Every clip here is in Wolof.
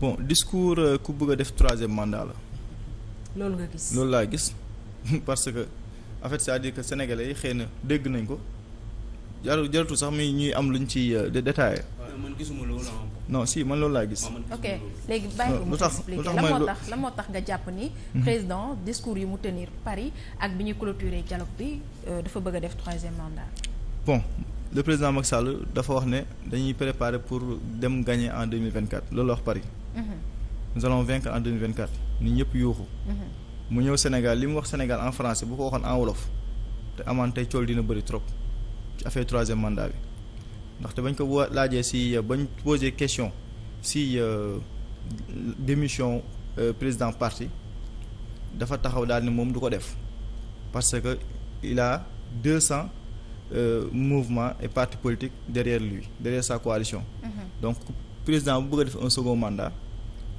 bon discours euh, ku bëgg a def troisième mandat la. loolu nga gis loolu laa gis parce que en sa c'est-à-dire yi xëy na dégg nañ ko jarul jaratu sax muy ñuy am lu ñu ci euh, détaillé. man gisuma loolu non si man loolu laa gis. ok léegi bàyyi ko mu expliqué lan moo tax lan moo tax nga jàpp ni. Mhm. président discours yi mu tenir Paris ak bi ñu clôturer dialogue bi euh, dafa bëgg a def troisième mandat. bon le président Macky Sall dafa wax ne dañuy préparer pour dem gagner en 2024 loolu wax Paris. Mhm. nous allons vaincre en 2024 ñun ñëpp yuuxu mhm. mu ñëw Sénégal li mu wax Sénégal en français bu ko waxoon en wolof te amaan tey cool dina bëri trop ci affaire troisième mandat bi ndaxte bañ ko wa laajee si euh, bañ posé question si euh, démission euh, président parti dafa taxaw daal ni moom du ko def parce que il a deux Euh, mouvement et parti politique derrière lui derrière sa coalition. Mhm. donc président bu bëgg a def un second mandat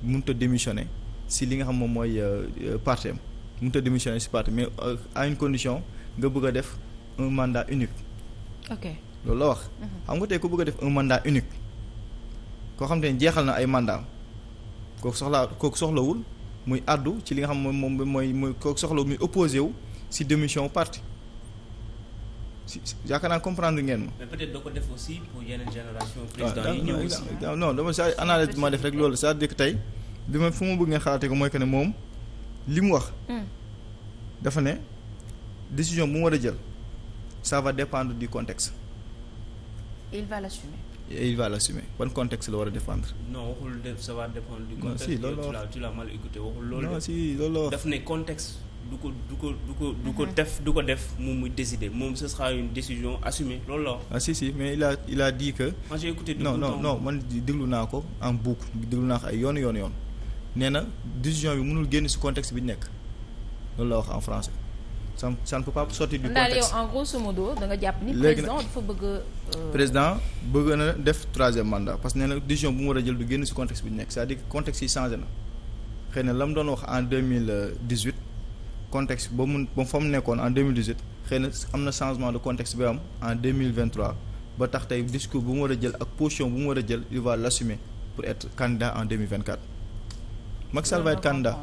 mënut a si li nga xam moom mooy euh, euh, parti am mënut a démissionner si parti mais une condition nga bëgg a def un mandat unique. ok loolu la wax. Mhm. xam nga tey ku bëgg a def un mandat unique koo xam te ne jeexal na ay mandat kook soxlaa kooku soxlawul muy àddu ci li nga xam moom moom mooy mooy kooku soxlawul muy opposé si démission parti. si yaakaar naa comprendre ngeen ma. mais peut-être doo ko def aussi pour yeneen génération. Ah, président yi dama sa analyse ma def rek loolu c'est-à-dire que tey bi ma fu bëgg ngeen xalaatee ko moom li mu wax. Hmm. dafa ne décision bu mu war a jël ça va du contexte. il va la war a défendre. non waxul de ça va du contexte. loolu la wax tu l'as loolu. la wax du ko du ko du ko du ko mhm. def du ko def moom muy décider moom ce sera une décision assumée loolu la ah si si mais il a il a dit que. moi j'ai écouté man déglu naa ko en boucle déglu naa ko ay yoon yoon yoon nee na décision bi mënul génn si contexte bi nekk loolu la wax en français. ça ça ne peut pas sortir du contexte daal yow en bëgg euh, président bëgg na def troisième mandat a jël du génn ci contexte bi nekk c'est-à-dire yi changé na xëy la mu doon wax en deux mille dix-huit contexte ba mun ba fa mu nekkoon en 2018 xëy na am na changement de contexte bi am en 2023 ba tax tey discours bu mu war a jël ak position bu mu war a jël il va l'assumer pour être candidat en 2024 Macky Sall va être candidat